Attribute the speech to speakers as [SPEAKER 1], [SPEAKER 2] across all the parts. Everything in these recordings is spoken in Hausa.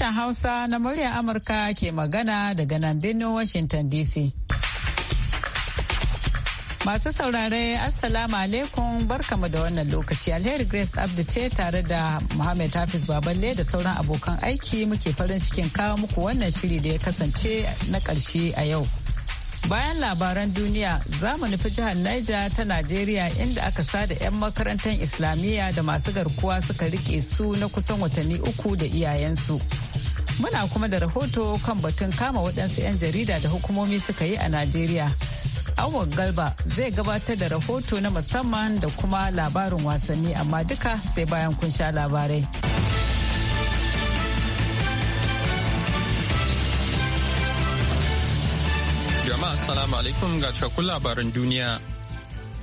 [SPEAKER 1] Sashen Hausa na muryar Amurka ke magana daga nan birnin Washington DC. Masu saurare Assalamu alaikum barkamu da wannan lokaci alheri Grace Abdu ce tare da Muhammad Hafiz Baballe da sauran abokan aiki muke farin cikin kawo muku wannan shiri da ya kasance na karshe a yau. Bayan labaran duniya za mu nufi jihar Niger ta Najeriya inda aka sada 'yan makarantar Islamiyya da masu garkuwa suka rike su na kusan watanni uku da iyayensu. Muna kuma da rahoto kan batun kama waɗansu 'yan jarida da hukumomi suka yi a Najeriya. Awon Galba zai gabatar da rahoto na musamman da kuma labarin wasanni amma duka sai bayan kun sha labarai.
[SPEAKER 2] Jama'a salamu alaikum ga cikakkun labarin duniya.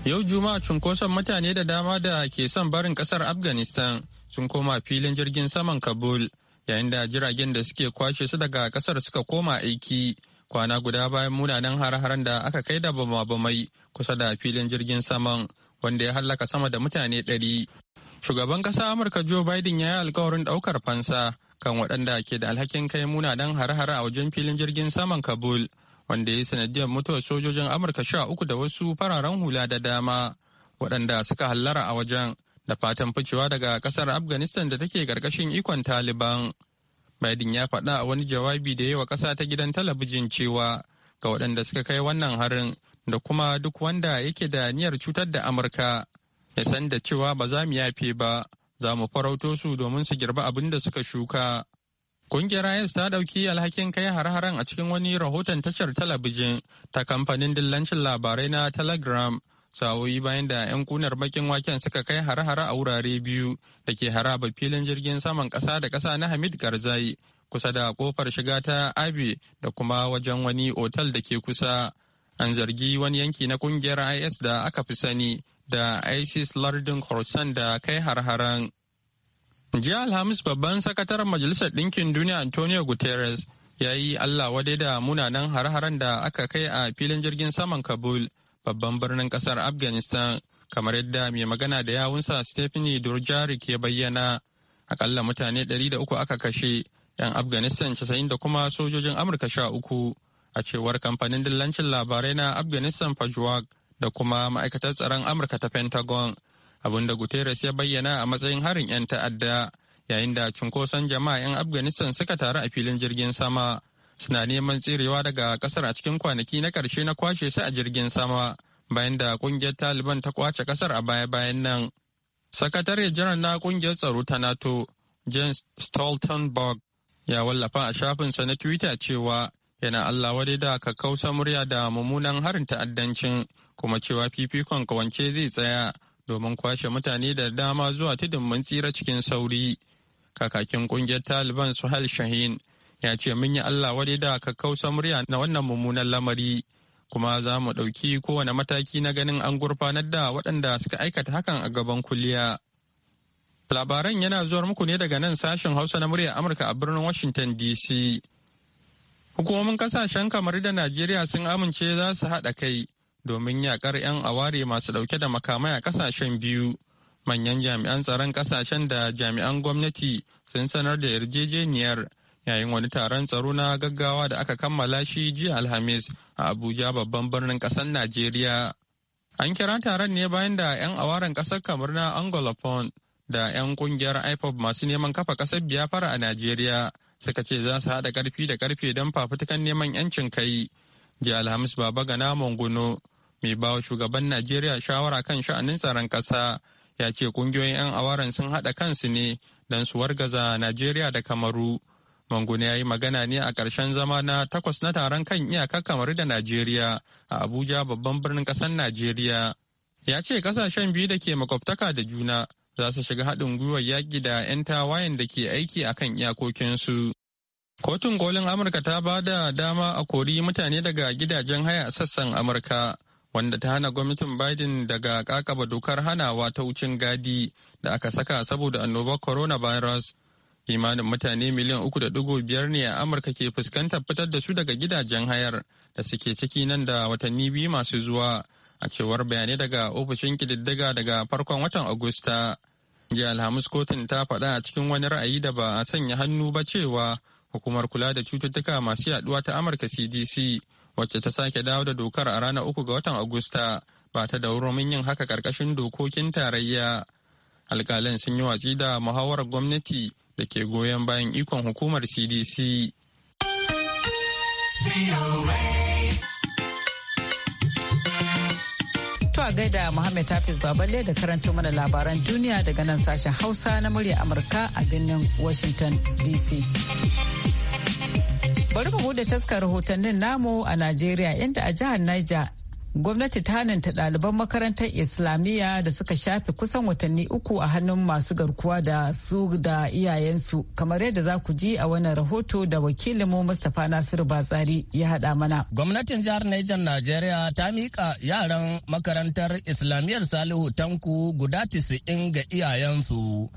[SPEAKER 2] Yau Juma'a cunkoson mutane da dama da ke son barin kasar Afghanistan sun koma filin jirgin saman Kabul yayin da jiragen da suke kwashe su daga kasar suka koma aiki kwana guda bayan munanan har-haren da aka kai da bama-bamai kusa da filin jirgin saman wanda ya hallaka sama da mutane ɗari. Shugaban ƙasa Amurka Joe Biden ya yi alkawarin ɗaukar fansa kan waɗanda ke da alhakin kai munanan har-hare a wajen filin jirgin saman Kabul wanda ya yi sanadiyar mutuwar sojojin Amurka sha uku da wasu fararen hula da dama waɗanda suka hallara a wajen da fatan ficewa daga kasar afghanistan da take karkashin ikon taliban biden ya faɗa a wani jawabi da yawa ƙasa ta gidan talabijin cewa ga waɗanda suka kai wannan harin da kuma duk wanda yake da niyyar cutar da amurka ya san da cewa ba za mu yafe ba za mu farauto su domin su girba abin da suka shuka Kungiyar IS ta ɗauki alhakin kai har-haren a cikin wani rahoton tashar talabijin ta kamfanin dillancin labarai na Telegram sa'o'i bayan da 'yan kunar bakin waken suka kai hare-hare a wurare biyu da ke haraba filin jirgin saman ƙasa da ƙasa na hamid garzai kusa da kofar shiga ta abe da kuma wajen wani otal da ke kusa an zargi wani yanki na kungiyar is da aka fi sani da isis lardin horsan da kai har-haren jiya alhamis babban sakataren majalisar ɗinkin duniya antonio guterres ya yi allah wadai da munanan har-haren da aka kai a filin jirgin saman kabul babban birnin kasar afghanistan kamar yadda mai magana da yawunsa stephanie durjarik ya bayyana akalla mutane 300 aka kashe 'yan afghanistan 90 da kuma sojojin amurka sha uku a cewar kamfanin dillancin labarai na afghanistan pajwag da kuma ma'aikatar tsaron amurka ta pentagon da guterres ya bayyana a matsayin harin 'yan ta'adda yayin da cunkoson jama'a 'yan afghanistan suka taru a filin jirgin sama suna neman tserewa daga kasar a cikin kwanaki na karshe na kwashe su a jirgin sama bayan da kungiyar taliban ta kwace kasar a baya-bayan nan sakatare jiran na kungiyar tsaro ta nato james stoltenberg ya wallafa a shafinsa na twitter cewa yana allah wadai da kakkausa murya da mummunan harin ta'addancin kuma cewa fifikon kawance zai tsaya domin kwashe mutane da dama zuwa tudun mun tsira cikin sauri kakakin kungiyar taliban suhal shahin ya ce mun yi Allah wadai da kakkausa murya na wannan mummunan lamari kuma za mu ɗauki kowane mataki na ganin an gurfanar da waɗanda suka aikata hakan a gaban kuliya. Labaran yana zuwar muku ne daga nan sashen Hausa na murya Amurka a birnin Washington DC. Hukumomin kasashen kamar da Najeriya sun amince za su haɗa kai domin yaƙar 'yan aware masu ɗauke da makamai a kasashen biyu. Manyan jami'an tsaron kasashen da jami'an gwamnati sun sanar da yarjejeniyar yayin wani taron tsaro na gaggawa da aka kammala shi jiya alhamis a abuja babban birnin kasar najeriya an kira taron ne bayan da 'yan awaren kasar kamar na anglophone da 'yan kungiyar ipob masu neman kafa ƙasar biafra a najeriya suka ce za su haɗa karfi da ƙarfe don fafutukan neman 'yancin kai jiya alhamis baba gana mongono mai bawa shugaban najeriya shawara kan sha'anin tsaron kasa ya ce kungiyoyin 'yan awaren sun haɗa kansu ne don su wargaza najeriya da kamaru Mangune ya yi magana ne a ƙarshen zama na takwas na taron kan iyakar kamar da Najeriya a Abuja babban birnin ƙasar Najeriya. Ya ce ƙasashen biyu da ke makwabtaka da juna za su shiga haɗin gwiwar yaƙi da 'yan tawayen da ke aiki a kan iyakokinsu. Kotun kolin Amurka ta ba da dama a kori mutane daga gidajen haya a sassan Amurka, wanda ta hana gwamnatin Biden daga kakaba dokar hanawa ta wucin gadi da aka saka saboda annobar coronavirus. kimanin mutane miliyan uku da dugu biyar ne a amurka ke fuskantar fitar da su daga gidajen hayar da suke ciki nan da watanni biyu masu zuwa a cewar bayanai daga ofishin kididdiga daga farkon watan agusta jiya alhamis kotun ta faɗa a cikin wani ra'ayi da ba a sanya hannu ba cewa hukumar kula da cututtuka masu yaɗuwa ta amurka cdc wacce ta sake dawo da dokar a ranar uku ga watan agusta ba ta da wurin yin haka karkashin dokokin tarayya alkalin sun yi watsi da muhawarar gwamnati da ke goyon bayan ikon hukumar cdc
[SPEAKER 1] a gaida Muhammad Hafiz Baballe da karanta mana labaran duniya daga nan sashen Hausa na murya Amurka a birnin Washington DC. Bari mu bude taskar rahotannin namu a Najeriya inda a jihar Niger gwamnati ta hananta ɗaliban makarantar islamiyya da suka shafe kusan watanni uku a hannun masu garkuwa da su da iyayensu kamar yadda za ku ji a wannan rahoto da wakilinmu mustapha nasiru batsari ya haɗa mana
[SPEAKER 3] gwamnatin jihar niger najeriya ta miƙa yaran makarantar islamiyyar salihu tanku guda tisa'in ga iyayensu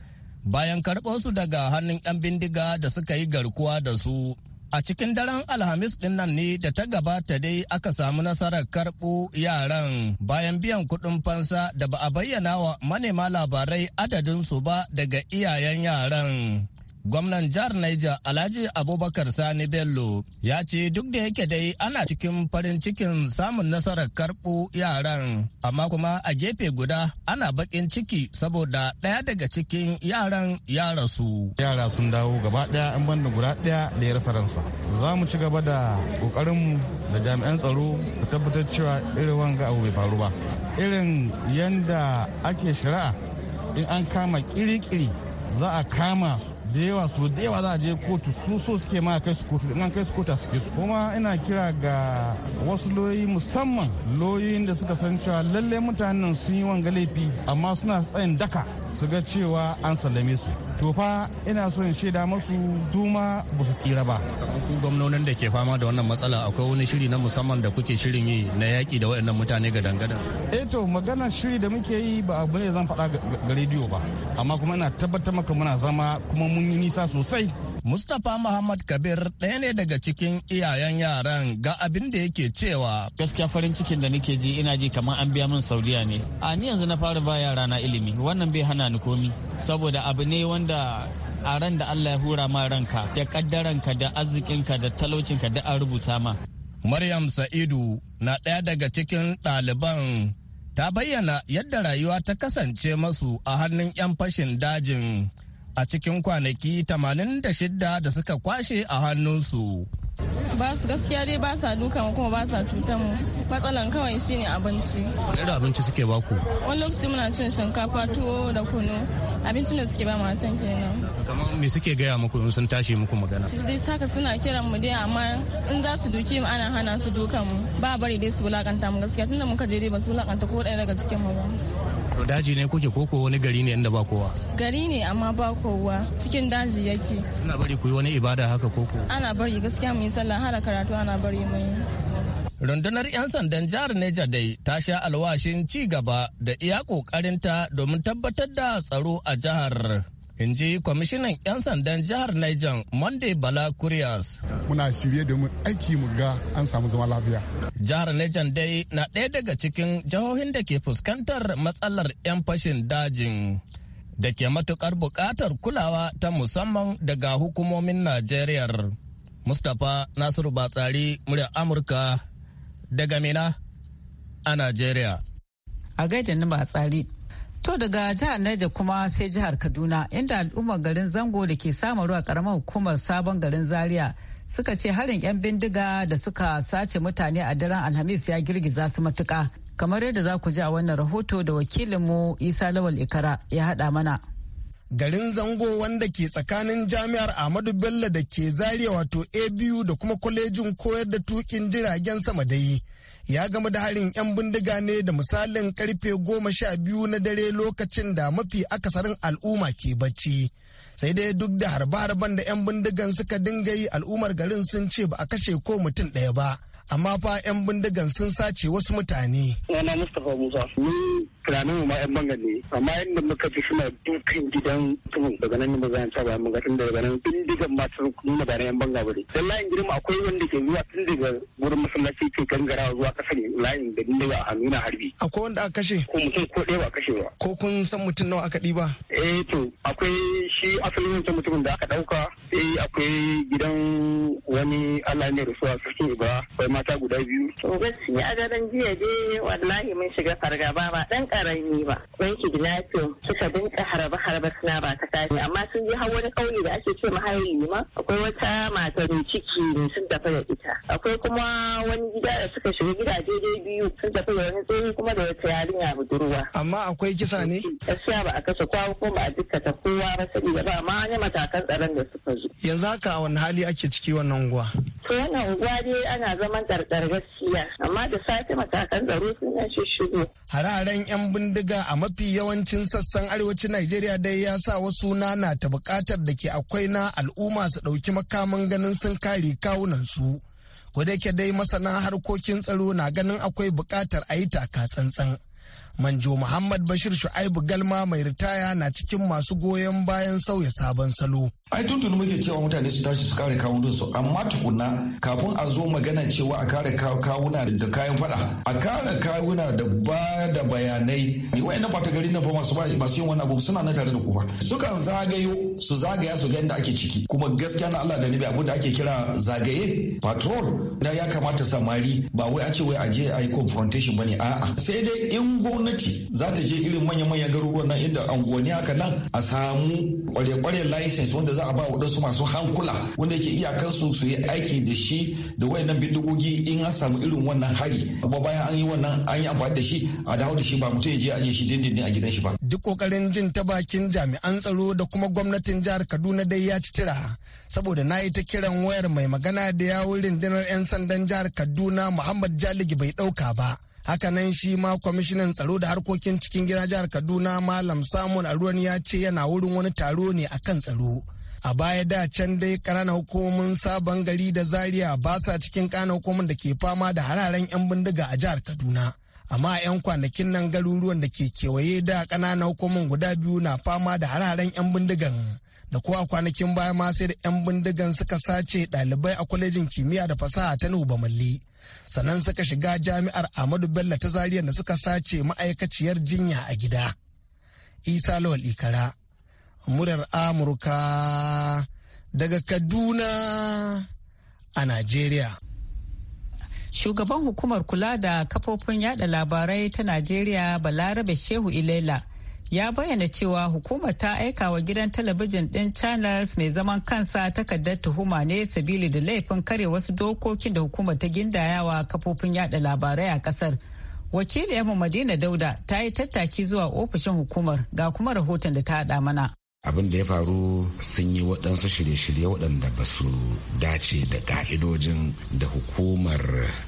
[SPEAKER 3] bayan karɓo su daga hannun 'yan bindiga da suka yi garkuwa da su A cikin daren Alhamis ɗin nan ne da ta gabata dai aka samu nasarar karɓo yaran bayan biyan kuɗin fansa da ba a bayyana wa manema labarai adadin su ba daga iyayen yaran. Gwamnan jihar Niger Alhaji Abubakar Sani Bello ya ce duk da yake dai ana cikin farin cikin samun nasarar karɓo yaran, amma kuma a gefe guda ana baƙin ciki saboda ɗaya daga cikin yaran
[SPEAKER 4] ya rasu. Yara sun dawo gaba ɗaya an banda guda ɗaya da ya rasa ransa. Za mu ci gaba da ƙoƙarinmu da jami'an tsaro ku tabbatar cewa irin wanga abu bai faru ba. Irin yanda ake shari'a in an kama kiri-kiri za a kama da yawa su da yawa za a je kotu su so suke ma kai su kotu in kai su kotu suke su kuma ina kira ga wasu loyi musamman loyoyin da suka san cewa lalle mutanen sun yi wanga laifi amma suna tsayin daka su ga cewa an sallame su to fa ina so in shaida masu duma ba su tsira ba
[SPEAKER 3] gwamnonin da ke fama da wannan matsala akwai wani shiri na musamman da kuke shirin yi na yaƙi da waɗannan mutane ga dangada
[SPEAKER 4] eh to magana shiri da muke yi ba abu ne zan faɗa ga rediyo ba amma kuma ina tabbatar maka muna zama kuma mun yi nisa sosai Mustapha Muhammad Kabir ɗaya ne daga cikin iyayen
[SPEAKER 3] yaran ga abin da yake cewa. Gaskiya farin cikin da nake ji ina ji kamar an biya min saudiya ne. A ni yanzu na fara ba yara na ilimi wannan bai hana ni komi saboda abu ne wanda a ran da Allah ya hura ma ranka da kaddaranka da arzikinka da talaucinka da an rubuta ma. Maryam Sa'idu na ɗaya daga cikin ɗaliban ta bayyana yadda rayuwa ta kasance masu a hannun 'yan fashin dajin a cikin kwanaki 86 da suka kwashe a hannunsu.
[SPEAKER 1] ba su gaskiya dai ba sa mu kuma ba sa cutar mu matsalan kawai shine abinci
[SPEAKER 3] wani da abinci suke ba ku
[SPEAKER 1] wani lokaci muna cin shinkafa tuwo da kunu abincin da suke ba mu a can kenan
[SPEAKER 3] kamar me suke gaya muku in sun tashi muku magana su
[SPEAKER 1] dai saka suna kiran mu dai amma in za su duki mu ana hana su duka mu ba bari dai su wulakanta mu gaskiya tunda muka je dai ba su wulakanta ko ɗaya daga cikin mu ba
[SPEAKER 3] To daji ne kuke koko wani gari ne inda ba kowa?
[SPEAKER 1] Gari ne amma ba kowa cikin daji yake. Suna
[SPEAKER 3] bari ku yi wani ibada haka koko?
[SPEAKER 1] Ana bari gaskiya mu yi sallah har karatu ana bari mu yi.
[SPEAKER 3] Rundunar 'yan sandan jihar Neja dai ta sha alwashin ci gaba da iya ƙoƙarinta domin tabbatar da tsaro a jihar. in ji kwamishinan 'yan sandan jihar Niger Monday Bala Kuriyas. Muna shirye da mun aiki mu ga an samu zama lafiya. Jihar Niger dai na ɗaya daga cikin jihohin da ke fuskantar matsalar 'yan fashin dajin. Da ke matukar buƙatar kulawa ta musamman daga hukumomin Najeriya. Mustapha Nasiru
[SPEAKER 1] Batsari murya Amurka daga Mina a Najeriya. A ni ba tsari. To daga jihar Niger kuma sai jihar Kaduna inda al'ummar garin Zango da ke samarwa karamar hukumar sabon garin Zaria suka ce harin 'yan bindiga da suka sace mutane a daren Alhamis ya girgiza su matuka. Kamar yadda za ku ji a wannan rahoto da wakilinmu Isa Lawal Ikara ya haɗa mana. garin zango
[SPEAKER 5] wanda ke tsakanin jami'ar ahmadu bello da ke Zariya wato abu da kuma kwalejin koyar da tukin jiragen sama da yi ya gama da harin 'yan bindiga ne da misalin karfe goma sha biyu na dare lokacin da mafi akasarin al'umma ke bacci sai dai duk da harbe-harben da 'yan bindigan suka dinga yi al'ummar garin sun ce ba a kashe ko mutum ɗaya ba amma fa 'yan bindigan sun sace wasu mutane.
[SPEAKER 3] Yana Mustapha Musa. tunanin mu ma yan bangar ne amma yadda muka fi suna dukan gidan tumun daga nan
[SPEAKER 5] ba zan taba saba mun ga tun daga nan bindigan masu nuna ba na yan banga ba dan layin girma akwai wanda ke zuwa tun daga gurin masallaci ke gangara zuwa kasar layin da bindiga a nuna harbi akwai wanda aka kashe ko mutum ko ɗaya ba kashe ba ko kun san mutum nawa aka ɗiba eh to akwai shi asalin wancan mutumin da aka ɗauka eh akwai gidan wani Allah ne rusuwa
[SPEAKER 6] sarkin ba akwai mata guda biyu to gaskiya ga
[SPEAKER 1] dan jiya dai wallahi mun
[SPEAKER 6] shiga fargaba
[SPEAKER 1] ba dan ba ne ba yan kidnapping suka dinka harbe harbe suna ba ta kashi amma sun je hau wani ƙauye da ake ce mahayar ma. akwai wata mata mai ciki ne sun tafi da ita
[SPEAKER 5] akwai kuma wani gida da suka shiga gidaje dai biyu sun tafi da wani tsohon kuma da wata yarinya budurwa amma akwai kisa ne gaskiya ba a kashe kowa ko ba a dukkata kowa ba saboda ba ma wani matakan tsaron da suka zo yanzu haka wani hali ake ciki wannan unguwa
[SPEAKER 1] to wannan unguwa dai ana zaman tsarkar gaskiya amma da safe matakan tsaro sun shigo
[SPEAKER 5] hare-haren 'yan 'yan bindiga a mafi yawancin sassan arewacin Najeriya dai ya sa wasu nana ta bukatar da ke akwai na al'umma su ɗauki makaman ganin sun kare kawunansu. Kodayake dai masana harkokin tsaro na ganin akwai bukatar a yi taka tsantsan. Manjo Muhammad Bashir Shu'aibu Galma mai ritaya na cikin masu goyon bayan sauya
[SPEAKER 4] sabon salo. Ai tuntuni muke cewa mutane su tashi su kare kawunan su amma tukuna kafin a zo magana cewa a kare kawuna da kayan fada a kare kawuna da ba da bayanai ni wayan ba ta gari na fa masu masu yin wannan abu suna na tare da ku ba sukan zagayo su zagaya su ga yadda ake ciki kuma gaskiya na Allah da nabi abu da ake kira zagaye patrol da ya kamata samari ba wai a ce wai a je a yi confrontation bane a'a sai dai in gwamnati za ta je irin manya manya garuruwan nan inda anguwanni haka nan a samu kware-kware license wanda za a ba waɗansu masu hankula wanda yake iyakarsu su yi aiki da shi da wayannan bindigogi in an samu irin wannan hari kuma bayan an yi wannan an yi amfani da shi a dawo da shi ba mutum ya je aje shi dindindin a gidan shi ba.
[SPEAKER 5] Duk kokarin jin ta bakin jami'an tsaro da kuma gwamnatin jihar Kaduna dai ya ci tira saboda na yi ta kiran wayar mai magana da yawun rundunar 'yan sandan jihar Kaduna Muhammad Jaligi bai ɗauka ba. hakanan shi ma kwamishinan tsaro da harkokin cikin gida jihar kaduna malam samun aruwan ya ce yana wurin wani taro ne akan tsaro a baya da can dai ƙananan hukumomin sabon gari da zaria ba sa cikin ƙananan hukumomin da ke fama da hararen 'yan bindiga a jihar kaduna amma 'yan kwanakin nan garuruwan da ke kewaye da ƙananan hukumomin guda biyu na fama da hararen 'yan bindigan da a kwanakin baya ma sai da 'yan bindigan suka sace ɗalibai a kwalejin kimiyya da fasaha ta nuba malli sannan suka shiga jami'ar Ahmadu Bello ta Zariya da suka sace ma'aikaciyar jinya a gida. Isa Lawal Ikara, murar Amurka
[SPEAKER 1] daga Kaduna a Najeriya. Shugaban hukumar kula da kafofin yada labarai ta Najeriya Balarabe Shehu Ilela ya bayyana cewa hukumar ta aika wa gidan talabijin ɗin channels mai zaman kansa takardar tuhuma ne sabili da laifin kare wasu dokokin da hukumar ta gindayawa kafofin yada labarai a ƙasar mu madina dauda ta yi tattaki zuwa ofishin hukumar ga kuma rahoton da ta haɗa mana
[SPEAKER 4] abin da ya faru sun yi waɗansu shirye-shirye waɗanda ba su dace da ƙa'idojin da hukumar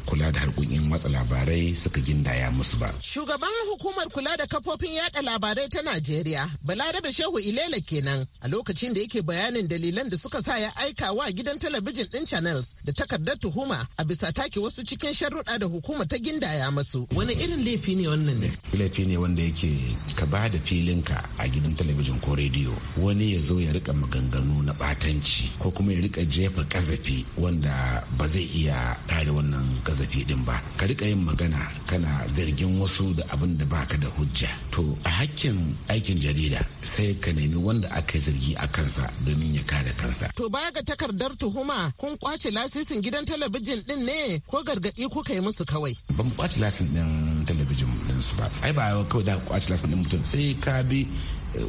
[SPEAKER 4] kula da harkokin matsa labarai suka gindaya musu ba.
[SPEAKER 7] Shugaban hukumar kula da kafofin yada labarai ta Najeriya, Balarabe Shehu Ilela kenan a lokacin da yake bayanin dalilan da suka sa ya aika wa gidan talabijin ɗin Channels da takardar tuhuma a bisa take wasu cikin sharuɗa da hukuma ta gindaya musu. Wani irin laifi ne wannan ne?
[SPEAKER 4] Laifi ne wanda yake ka ba da filinka a gidan talabijin ko rediyo wani ya zo ya rika maganganu na batanci ko kuma ya rika jefa kazafi wanda ba zai iya kare wannan kazafi din ba ka rika yin magana kana zargin wasu da abin da baka da hujja to a hakkin aikin jarida sai ka nemi wanda aka zargi a kansa domin ya kare kansa
[SPEAKER 7] to baya ga takardar tuhuma kun kwace lasisin gidan talabijin din ne ko gargadi kuka yi musu kawai
[SPEAKER 4] ban kwace lasisin din talabijin din su ba ai ba kawai da kwace lasisin din mutum sai ka bi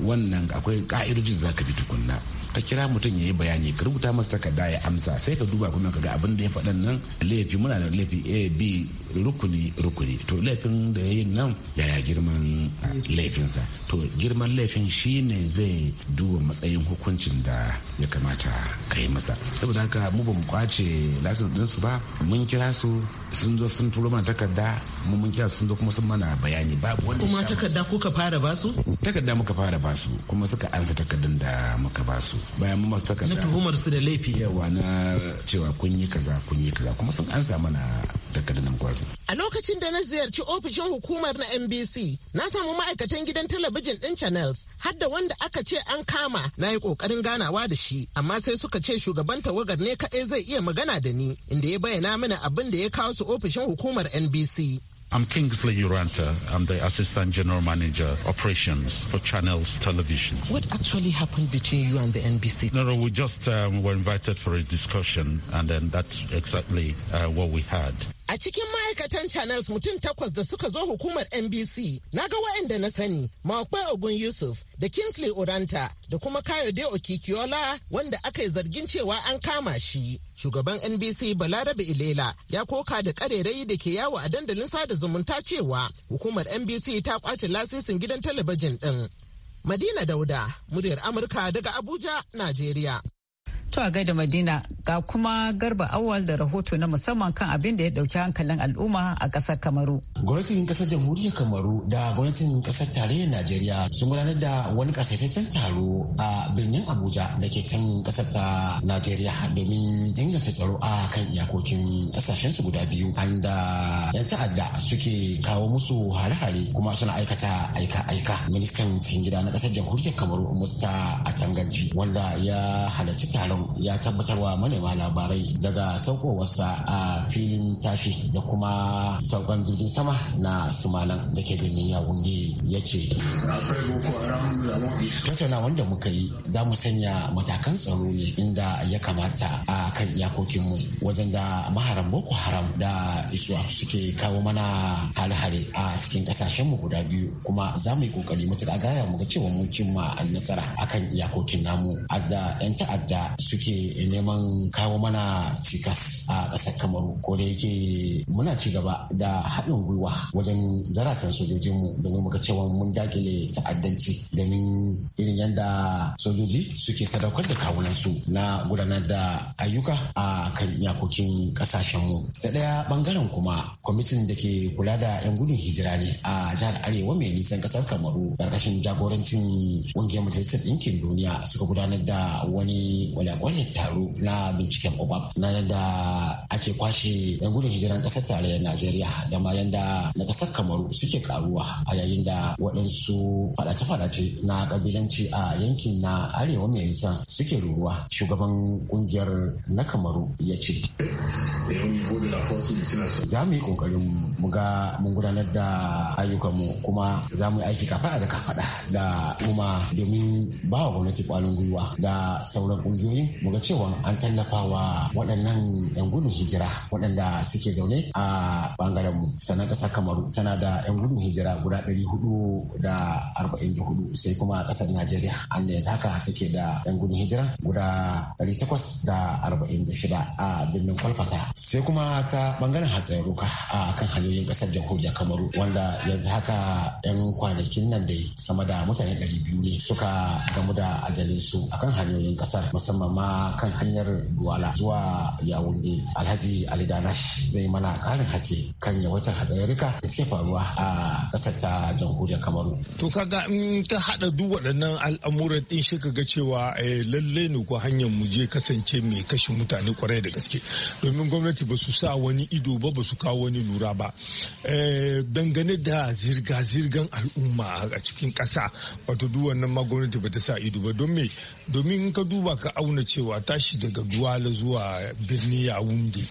[SPEAKER 4] wannan akwai ka'idojin za ka bi tukunna ka kira mutum ya yi bayani ka rubuta masa takarda ya amsa sai ka duba kuma ka ga abin da ya faɗan nan laifi muna da laifi a b rukuni rukuni to laifin da ya yi nan yaya girman ah, laifinsa to girman laifin shi ne zai duba matsayin hukuncin da ya kamata ka yi masa saboda haka mu ba mu kwace lasin ɗinsu ba mun kira su sun zo sun turo mana takarda mun mun kira sun zo kuma sun mana bayani babu wanda kuma takarda kuka fara basu takarda muka fara basu kuma suka ansa takardun da muka basu bayan mu masu takarda na tuhumar su da laifi yawa na cewa kun yi kaza kun yi kaza kuma sun ansa mana takardun
[SPEAKER 7] nan kwazo a lokacin da na ziyarci ofishin hukumar na NBC na samu ma'aikatan gidan talabijin din channels har da wanda aka ce an kama na yi kokarin ganawa da shi amma sai suka ce shugaban tawagar ne kaɗai zai iya magana da ni inda ya bayyana mana abin da ya kawo su ofishin hukumar NBC.
[SPEAKER 4] I'm Kingsley Uranta. I'm the Assistant General Manager Operations for Channels Television.
[SPEAKER 7] What actually happened between you and the
[SPEAKER 4] NBC? No, no, we just um, were invited for a discussion, and then that's exactly uh, what we had.
[SPEAKER 7] a cikin ma'aikatan channels mutum takwas da suka zo hukumar NBC na ga wa'anda na sani maakwai Ogun Yusuf da Kingsley Oranta da kuma Kayode Okikiola wanda aka yi zargin cewa an kama shi. Shugaban NBC Balarabe Ilela ya koka da karerai da ke yawo a dandalin sada zumunta cewa hukumar NBC ta kwace lasisin gidan talabijin ɗin. Madina Dauda, muryar Amurka daga Abuja, Najeriya.
[SPEAKER 1] To a gaida Madina ga kuma garba awal da rahoto na musamman kan abin da ya dauki hankalin al'umma a kasar Kamaru. Gwamnatin kasar jamhuriyar Kamaru da
[SPEAKER 8] gwamnatin kasar tarayyar Najeriya sun gudanar da wani kasaitaccen taro a birnin Abuja da ke can kasar ta Najeriya domin inganta tsaro a kan iyakokin kasashen su guda biyu an da yan ta'adda suke kawo musu hare-hare kuma suna aikata aika-aika. Ministan cikin gida na kasar jamhuriyar Kamaru Musta a Atanganji wanda ya halarci taron Ya tabbatar wa manema labarai daga saukowarsa a filin tashi da kuma saukan jirgin sama na Sumalan da ke birnin Yawunde ya ce. Tattauna wanda muka yi za mu sanya matakan tsaro ne inda ya kamata a kan iyakokinmu wajen da maharan Boko Haram da Isuwa suke kawo mana hare a cikin kasashenmu guda biyu kuma za mu yi kokari matuƙa gaya mu ga cewa mun cimma nasara akan iyakokin namu adda 'yan ta'adda su suke neman kawo mana cikas a ƙasar kamaru ko da yake muna ci gaba da haɗin gwiwa wajen zaratan sojojinmu domin muka cewa mun dakile ta'addanci domin irin yadda sojoji suke sadaukar da kawunansu na gudanar da ayyuka a kan iyakokin ƙasashenmu ta ɗaya ɓangaren kuma kwamitin da ke kula da 'yan gudun hijira ne a jihar arewa mai nisan ƙasar kamaru ƙarƙashin jagorancin ƙungiyar majalisar ɗinkin duniya suka gudanar da wani wani wannan taro na binciken obak na yadda ake kwashe yan gudun hijiran ƙasar tarayyar najeriya da ma yadda na ƙasar kamaru suke karuwa a yayin da waɗansu faɗace-faɗace na ƙabilanci a yankin na arewa mai nisa suke ruruwa shugaban ƙungiyar na kamaru ya ce za mu yi ƙoƙarin mu ga mun gudanar da ayyukanmu kuma za mu yi aiki kafaɗa da kafaɗa da kuma domin ba wa gwamnati ƙwarin gwiwa da sauran ƙungiyoyin mu muga cewa an tallafa wa. waɗannan 'yan gudun hijira waɗanda suke zaune a bangaren mu sannan ƙasar kamaru tana da 'yan gudun hijira guda ɗari hudu da arba'in hudu sai kuma ƙasar najeriya an da haka take da 'yan gudun hijira guda ɗari takwas da arba'in da shida a birnin kwalfata sai kuma ta bangaren hatsayin ruka a kan hanyoyin ƙasar jamhuriyar kamaru wanda yanzu haka 'yan kwanakin nan dai sama da mutane ɗari biyu ne suka gamu da ajalinsu akan hanyoyin ƙasar musamman ma kan hanyar duwala zuwa yawunde alhaji ali zai mana karin haske kan yawaitar hadayarika da suke faruwa a kasar ta jamhuriyar kamaru
[SPEAKER 6] to kaga in ta hada duk waɗannan al'amuran din shi kaga cewa eh, lalle ne ko hanyar mu je kasance mai kashe mutane kwarai da gaske domin gwamnati ba su sa wani ido ba ba su kawo wani lura ba eh, dangane da zirga-zirgan al'umma a cikin ƙasa wato duk wannan ma gwamnati ba ta sa ido ba don me domin ka duba ka auna cewa tashi daga duwala zuwa birni ya wunde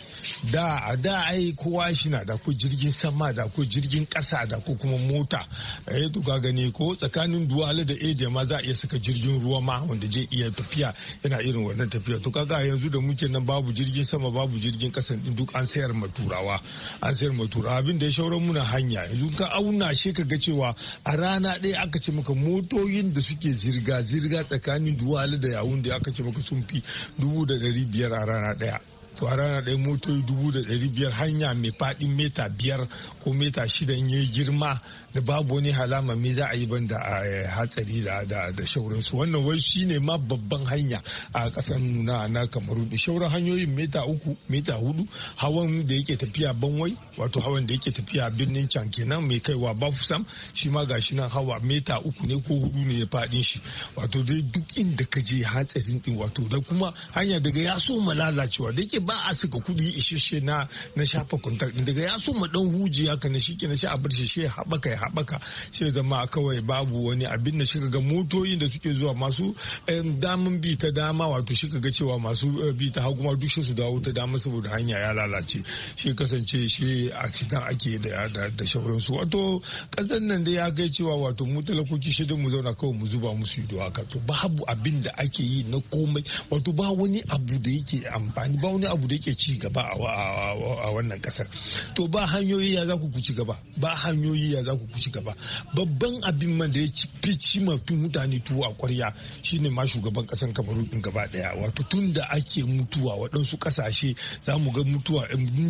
[SPEAKER 6] da a da ai kowa shi na da ko jirgin sama da ko jirgin kasa da ko kuma mota a yi duka gani ko tsakanin duwala da ede ma za a iya saka jirgin ruwa ma wanda zai iya tafiya yana irin wannan tafiya to kaga yanzu da muke nan babu jirgin sama babu jirgin kasa din duk an sayar ma turawa an sayar ma turawa abin da ya shauran na hanya yanzu ka auna shi ka ga cewa a rana ɗaya aka ce maka motoyin da suke zirga zirga tsakanin duwala da yawun da aka ce maka sun sun dubu da ɗari biyar a rana ɗaya to a rana ɗaya motoci dubu da ɗari biyar hanya mai faɗi mita biyar ko mita shida ya yi girma da babu wani halama me za a yi ban da eh, hatsari da shauransu wannan wai shine ma babban hanya a ƙasan na na kamaru da shauran hanyoyin mita uku mita hudu hawan da yake tafiya banwai wato hawan da yake tafiya birnin can kenan mai kaiwa bafusam shi ma gashi nan hawa mita uku ne ko hudu ne ya faɗin shi wato dai duk inda ka je hatsarin din wato da kuma hanya daga ya so lalacewa da yake ba a saka kuɗi isheshe na na shafa kuntak daga ya so mu dan huji haka ne shike na shi a bar shi shi haɓaka ya habaka shi zama kawai babu wani abin da shiga ga motoyin da suke zuwa masu eh, damun bi ta dama wato shi ga cewa masu eh, bi ta hagu ma dushe su dawo ta dama saboda hanya ya lalace shi kasance shi a cikin ake da da su wato kasan nan da ya kai cewa wato mu talakoki shi mu zauna kawai mu zuba musu ido haka to babu abin da ake yi na komai wato ba wani abu da yake amfani ba wani abu da yake ci gaba a wannan kasar to ba hanyoyi ya za ku ci gaba ba hanyoyi ya za ku ci gaba babban abin man da ya fi ci mutane tuwo a kwarya shine ma shugaban kasan kamaru din gaba daya wato tun da ake mutuwa waɗansu kasashe za mu ga mutuwa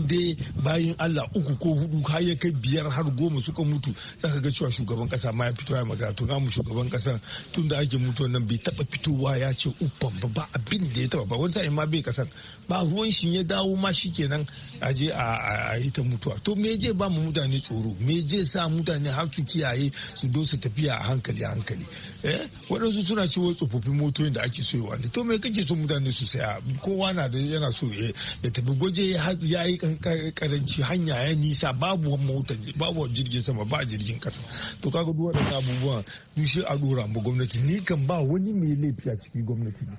[SPEAKER 6] dai bayan allah uku ko hudu har kai biyar har goma suka mutu za ka ga cewa shugaban kasa ma ya fito ya magana to namu shugaban kasar tun da ake mutuwa nan bai taba fitowa ya ce uban ba abin da ya taba ba wani sa'in ma bai kasan ba ruwan shi ya dawo ma shi kenan a je a yi ta mutuwa to me je ba mu mutane tsoro me je sa mutane har su kiyaye su do su tafiya a hankali hankali eh waɗansu suna wai tsofaffin motoyin da ake soyewa ne to me kake so mutane su saya kowa na da yana so ya tafi gwaje ya yi karanci hanya ya nisa babu mota babu jirgin sama ba jirgin kasa to kaga duk waɗannan abubuwan duk shi a dora mu gwamnati ni kan ba wani mai laifi a cikin gwamnati ne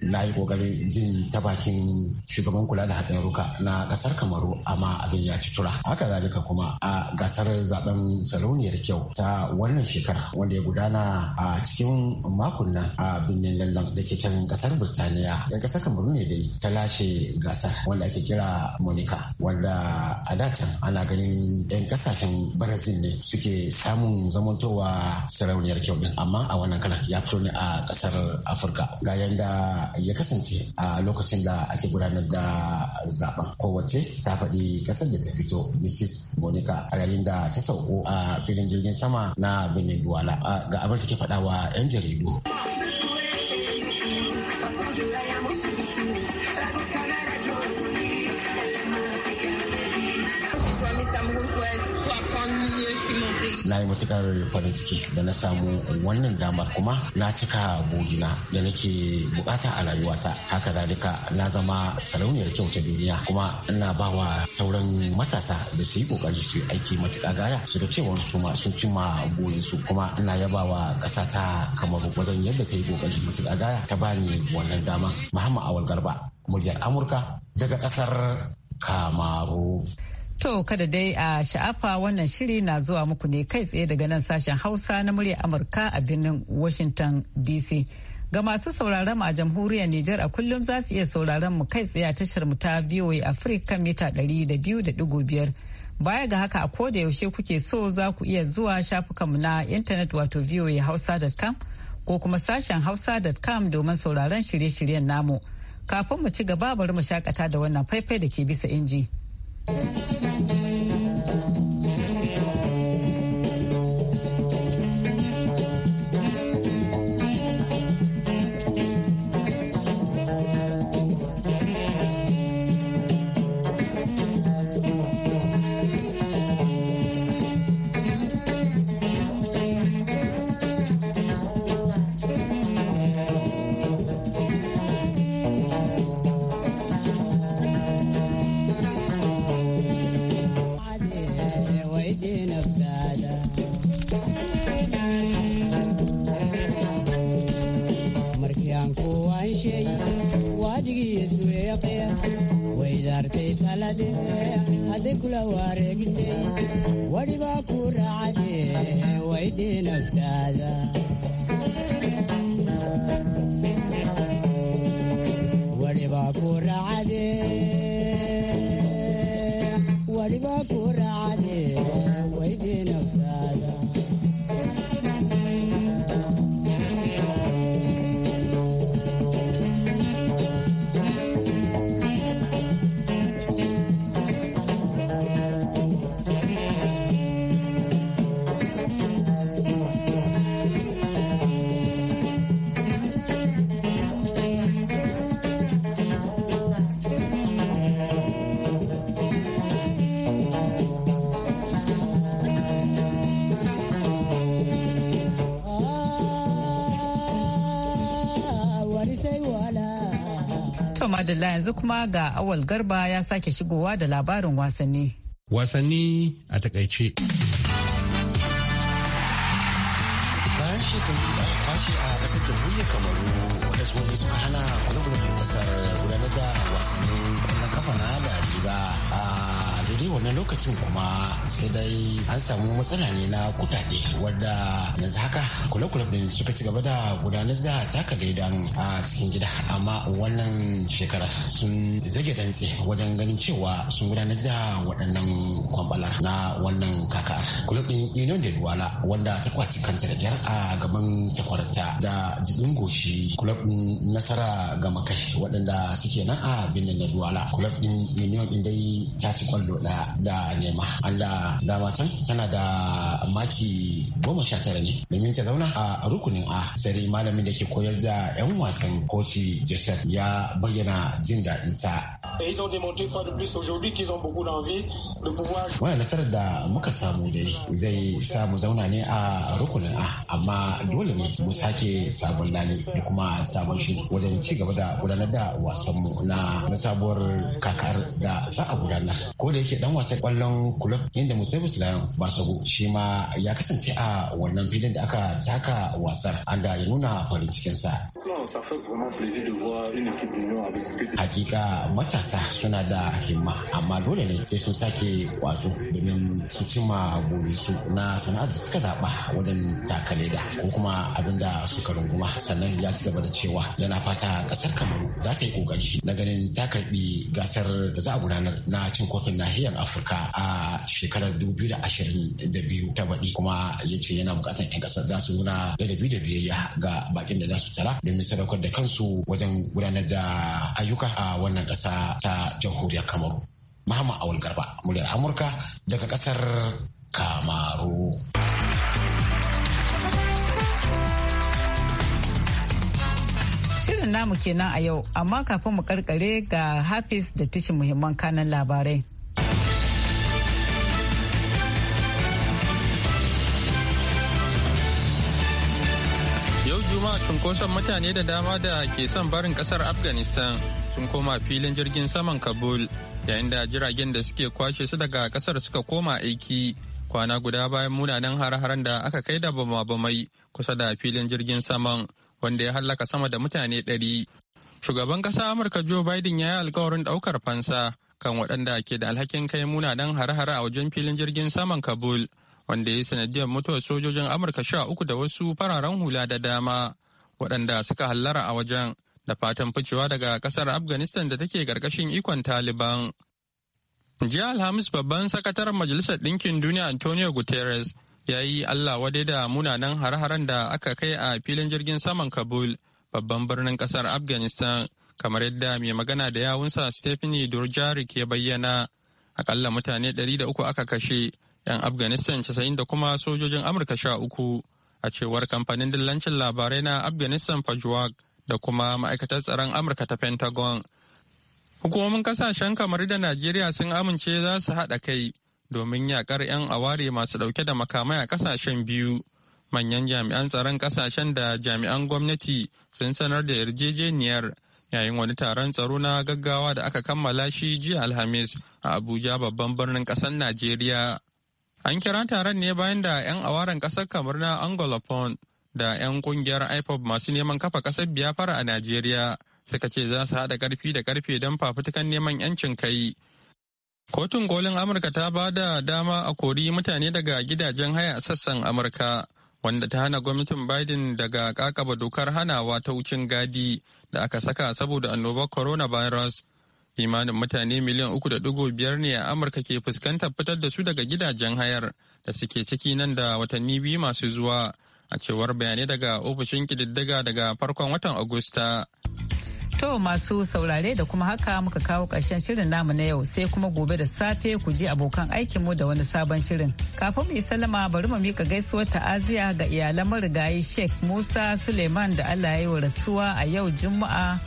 [SPEAKER 8] Na yi kokarin jin ta bakin shugaban kula da ruka na kasar Kamaru amma abin ya ci tura. Haka zalika kuma a gasar zaben sarauniyar kyau ta wannan shekara wanda ya gudana a cikin makon nan a birnin London da ke can kasar Birtaniya. Yan kasar Kamaru ne dai ta lashe gasar wanda ake kira Monica wanda a datan ana ganin yan kasashen Brazil ne suke samun zamantowa sarauniyar kyau din amma a wannan kalan ya fito ne a kasar Afirka. Ga yanda ya kasance a lokacin da ake gudanar da zaben kowace ta faɗi ƙasar da ta fito mrs monica a yayin da ta sauko a filin jirgin sama na benin duwala ga abin take faɗawa 'yan jaridu. na yi matukar farin ciki da na samu wannan damar kuma na cika bogina da nake bukata a rayuwata haka zalika na zama sarauniyar kyauta duniya kuma ina ba wa sauran matasa da su yi kokari su aiki matuka gaya su da cewa su ma sun cimma su kuma ina yaba wa ƙasa ta kamar wajen yadda ta yi kokari matuka gaya ta bani wannan damar muhammad awal garba muryar amurka daga ƙasar kamaru
[SPEAKER 1] To kada dai a sha'afa wannan shiri na zuwa muku ne kai tsaye daga nan sashen Hausa na muryar Amurka a birnin Washington DC. Ga masu sauraron a jamhuriyar Nijar a kullum za su iya sauraron mu kai tsaye a tashar mu ta VOA Africa mita 200.5. Baya ga haka a koda yaushe kuke so za ku iya zuwa shafukanmu na intanet wato voahausa.com ko kuma sashen hausa.com domin sauraron shirye-shiryen namu. Kafin mu ci gaba bari mu shakata da wannan faifai da ke bisa inji. Thank you. Madalla yanzu kuma ga awal garba ya sake shigowa da labarin wasanni.
[SPEAKER 2] Wasanni a takaice.
[SPEAKER 4] Bayan shekaru da kwashe a ƙasar jamhuriyar Kamaru wanda tsohon suka
[SPEAKER 8] hana kulubulin kasar gudanar da wasannin kwallon kafa na da riga a daidai wannan lokacin kuma sai dai an samu matsala ne na kudade wadda yanzu haka kula-kula din suka ci gaba da gudanar da taka laidan a cikin gida amma wannan shekara sun zage dantse wajen ganin cewa sun gudanar da waɗannan kwambalar na wannan kaka kula din union da duwala wanda ta kwaci kanta da a gaban takwarta da jibin goshi kula din nasara ga makashi waɗanda suke nan a birnin da duwala kula din union in dai ta ci kwallo da da nema allah da matan tana da maki goma sha tara ne domin ta zauna a rukunin a sai malamin da ke koyar da yan wasan koci joseph ya bayyana jin daɗin sa wannan nasarar da muka samu dai zai sa zauna ne a rukunin a amma dole ne mu sake sabon lani da kuma sabon shi wajen ci gaba da gudanar da wasanmu na sabuwar kakar da za a gudanar ko da yake dan wasan kwallon inda yadda Mustapha ba Basago shi ma ya kasance a wannan filin da aka taka wasar an da ya nuna farin cikin cikinsa. Hakika matasa suna da himma amma dole ne sai sun sake kwazo domin su cima su na sana'ar da suka zaɓa wajen takale da. ko kuma abin da suka runguma sannan ya ci gaba da cewa yana fata ƙasar Kamaru za ta yi ƙoƙari na ganin ta karɓi gasar da za a gudanar na cin kofin nahiyar nahiyar afirka a shekarar biyu ta baɗi kuma ya ce yana bukatar 'yan ƙasar za su nuna ladabi da biyayya ga bakin da za su tara domin sadaukar da kansu wajen gudanar da ayyuka a wannan ƙasa ta jamhuriyar kamaru mahama Awul Garba, muryar Amurka daga kasar Kamaru.
[SPEAKER 1] Shirin namu kenan a yau, amma kafin mu karkare ga Hafiz da tashin muhimman kanan labarai.
[SPEAKER 2] Cunkoson mutane da dama da ke son barin kasar Afghanistan sun koma filin jirgin saman Kabul yayin da jiragen da suke kwashe su daga kasar suka koma aiki kwana guda bayan munanan har-haren da aka kai da bama kusa da filin jirgin saman wanda ya hallaka sama da mutane ɗari. Shugaban ƙasa Amurka Joe Biden ya yi alkawarin ɗaukar fansa kan waɗanda ke da alhakin kai munanan har-hare a wajen filin jirgin saman Kabul wanda ya yi sanadiyar mutuwar sojojin Amurka sha uku da wasu fararen hula da dama. waɗanda suka hallara a wajen da fatan ficewa daga ƙasar afghanistan da take ƙarƙashin ikon taliban jiya alhamis babban sakataren majalisar ɗinkin duniya antonio guterres ya yi allah wadai da munanan har-haren da aka kai a filin jirgin saman kabul babban birnin ƙasar afghanistan kamar yadda mai magana da yawunsa stephanie durjarik ya bayyana akalla mutane 300 aka kashe 'yan afghanistan casa'in da kuma sojojin amurka sha uku a cewar kamfanin dillancin labarai na afghanistan pajwag da kuma ma'aikatar tsaron amurka ta pentagon hukumomin kasashen kamar da najeriya sun amince za su haɗa kai domin yakar 'yan aware masu ɗauke da makamai a kasashen biyu manyan jami'an tsaron kasashen da jami'an gwamnati sun sanar da yarjejeniyar yayin wani taron tsaro na gaggawa da aka kammala shi jiya alhamis a abuja babban birnin ƙasar najeriya An kira taron ne bayan da 'yan awaren ƙasar kamar na Anglophone da 'yan ƙungiyar IPOB masu neman kafa ƙasar biyafara a Najeriya suka ce za su haɗa karfi da ƙarfe don fafutukan neman 'yancin kai. Kotun kolin Amurka ta ba da dama a kori mutane daga gidajen haya a sassan Amurka, wanda ta hana gwamnatin Biden daga kakaba dokar hanawa ta wucin gadi da aka saka saboda annobar coronavirus. kimanin mutane miliyan uku da dugu biyar ne a amurka ke fuskantar fitar da su daga gidajen hayar da suke ciki nan da watanni biyu masu zuwa a cewar bayanai daga ofishin kididdiga daga farkon watan agusta
[SPEAKER 1] To masu saurare da kuma haka muka kawo karshen shirin namu na yau sai kuma gobe da safe ku je abokan aikinmu da wani sabon shirin. Kafin mu yi salama bari mu mika gaisuwar ta'aziya ga iyalan marigayi Sheikh Musa Suleiman da Allah ya yi wa rasuwa a yau Juma'a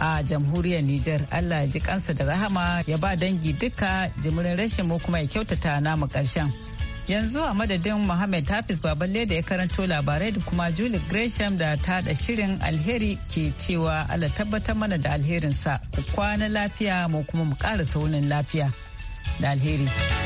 [SPEAKER 1] a jamhuriyar Nijar. Allah ya ji kansa da rahama ya ba dangi duka jimirin rashin mu kuma ya kyautata namu ƙarshen. Yanzu a madadin Muhammad Hafiz Baballe da ya karanto labarai da kuma Julie Gresham da ta da shirin alheri ke cewa Allah tabbatar mana da alherinsa ku kwana lafiya mu kuma mu ƙara saunin lafiya da alheri.